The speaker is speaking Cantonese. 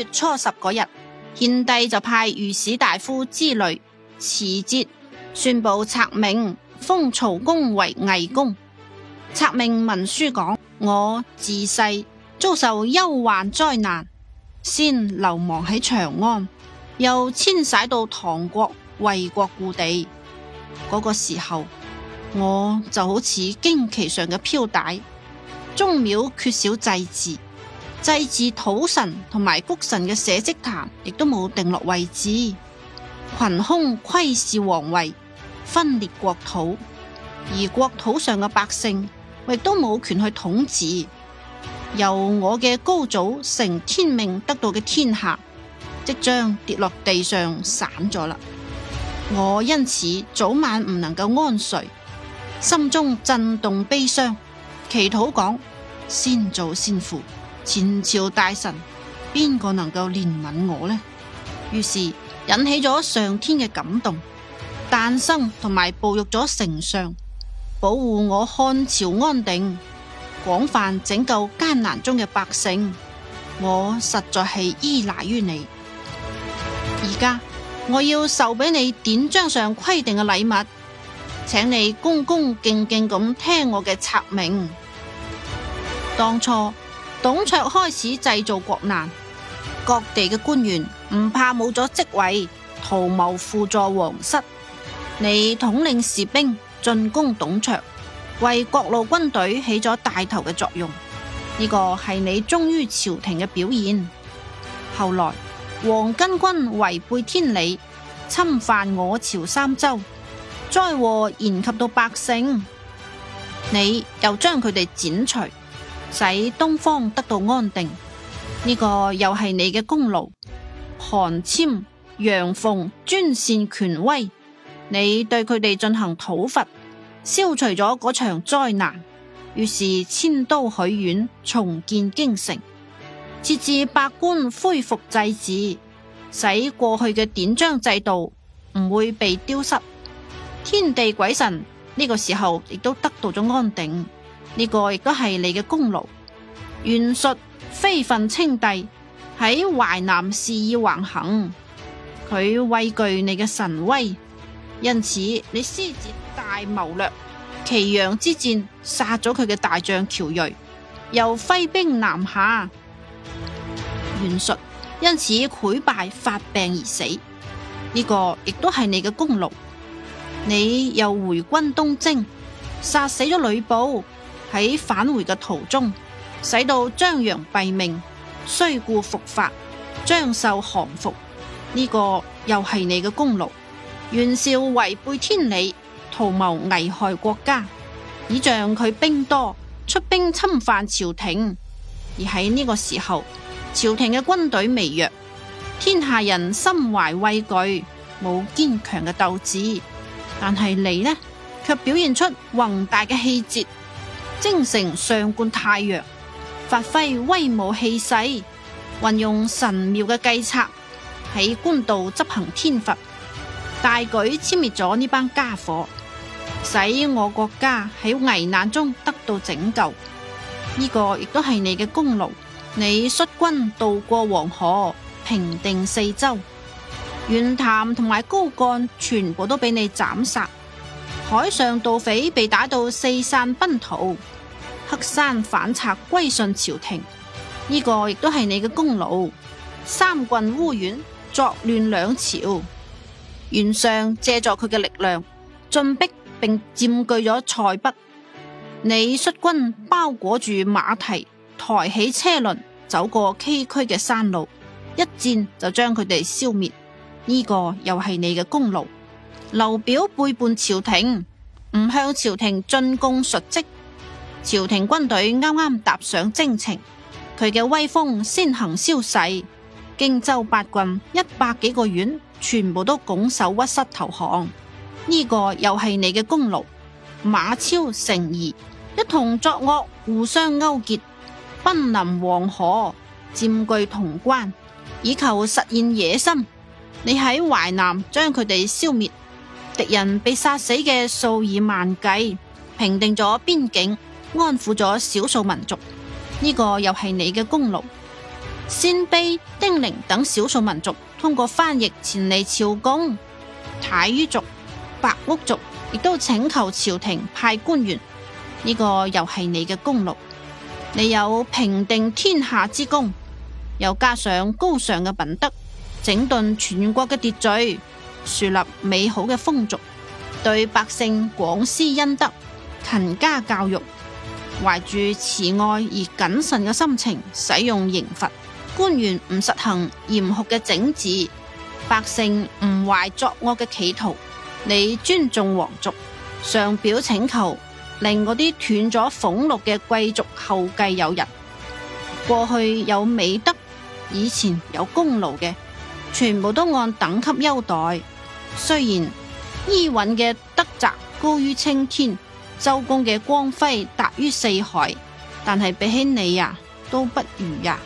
月初十嗰日，獻帝就派御史大夫之類持節宣布策命，封曹公為魏公。策命文書講：我自細遭受憂患災難，先流亡喺長安，又遷徙到唐國魏國故地。嗰、那個時候，我就好似荊棘上嘅飄帶，宗廟缺少祭祀。祭祀土神同埋穀神嘅社稷壇，壇亦都冇定落位置，群凶窺視皇位，分裂國土，而國土上嘅百姓亦都冇權去統治。由我嘅高祖承天命得到嘅天下，即將跌落地上散咗啦。我因此早晚唔能夠安睡，心中震動悲傷，祈禱講：先祖先父。前朝大臣邊個能夠憐憫我呢？於是引起咗上天嘅感動，誕生同埋培育咗丞相，保護我漢朝安定，廣泛拯救艱難中嘅百姓。我實在係依賴於你。而家我要受俾你典章上規定嘅禮物，請你恭恭敬敬咁聽我嘅策命。當初。董卓開始製造國難，各地嘅官員唔怕冇咗職位，圖謀輔助皇室。你統領士兵進攻董卓，為各路軍隊起咗帶頭嘅作用。呢、這個係你忠於朝廷嘅表現。後來黃巾軍違背天理，侵犯我朝三州，災禍延及到百姓，你又將佢哋剪除。使東方得到安定，呢、這個又係你嘅功勞。韓暹、楊奉專擅權威，你對佢哋進行討伐，消除咗嗰場災難。於是遷都許縣重建京城，設置百官恢復祭祀，使過去嘅典章制度唔會被丟失。天地鬼神呢、這個時候亦都得到咗安定。呢個亦都係你嘅功勞。袁術非分稱帝，喺淮南肆意橫行，佢畏懼你嘅神威，因此你施展大謀略，祁陽之戰殺咗佢嘅大將喬睿，又揮兵南下，袁術因此潰敗發病而死。呢個亦都係你嘅功勞。你又回軍東征，殺死咗呂布。喺返回嘅途中，使到張楊斃命，雖故復發，張繡降服。呢、這個又係你嘅功勞。袁紹違背天理，圖謀危害國家，以仗佢兵多出兵侵犯朝廷。而喺呢個時候，朝廷嘅軍隊微弱，天下人心懷畏懼，冇堅強嘅鬥志。但係你呢，卻表現出宏大嘅氣節。精誠上貫太陽，發揮威武氣勢，運用神妙嘅計策，喺官渡執行天罰，大舉殲滅咗呢班家伙，使我國家喺危難中得到拯救。呢、這個亦都係你嘅功勞。你率軍渡過黃河，平定四周，袁譚同埋高幹全部都俾你斬殺。海上盜匪被打到四散奔逃，黑山反賊歸順朝廷，呢個亦都係你嘅功勞。三郡烏丸作亂兩朝，袁尚借助佢嘅力量進逼並占據咗塞北，你率軍包裹住馬蹄，抬起車輪走過崎嶇嘅山路，一戰就將佢哋消滅，呢個又係你嘅功勞。劉表背叛朝廷，唔向朝廷進貢述職，朝廷軍隊啱啱踏上征程，佢嘅威風先行消逝，荊州八郡一百幾個縣全部都拱手屈膝投降，呢個又係你嘅功勞。馬超、成宜一同作惡，互相勾結，瀕臨黃河，佔據潼關，以求實現野心。你喺淮南將佢哋消滅。敵人被殺死嘅數以萬計，平定咗邊境，安撫咗少數民族，呢個又係你嘅功勞。鮮卑、丁零等少數民族通過翻譯前嚟朝貢，太於族、白屋族亦都請求朝廷派官員，呢個又係你嘅功勞。你有平定天下之功，又加上高尚嘅品德，整頓全國嘅秩序。樹立美好嘅風俗，對百姓廣施恩德，勤加教育，懷住慈愛而謹慎嘅心情使用刑罰，官員唔實行嚴酷嘅整治，百姓唔懷作惡嘅企圖。你尊重皇族，上表請求，令嗰啲斷咗俸祿嘅貴族後繼有人，過去有美德，以前有功勞嘅。全部都按等級優待，雖然伊尹嘅德澤高於青天，周公嘅光輝達於四海，但係比起你呀，都不如呀。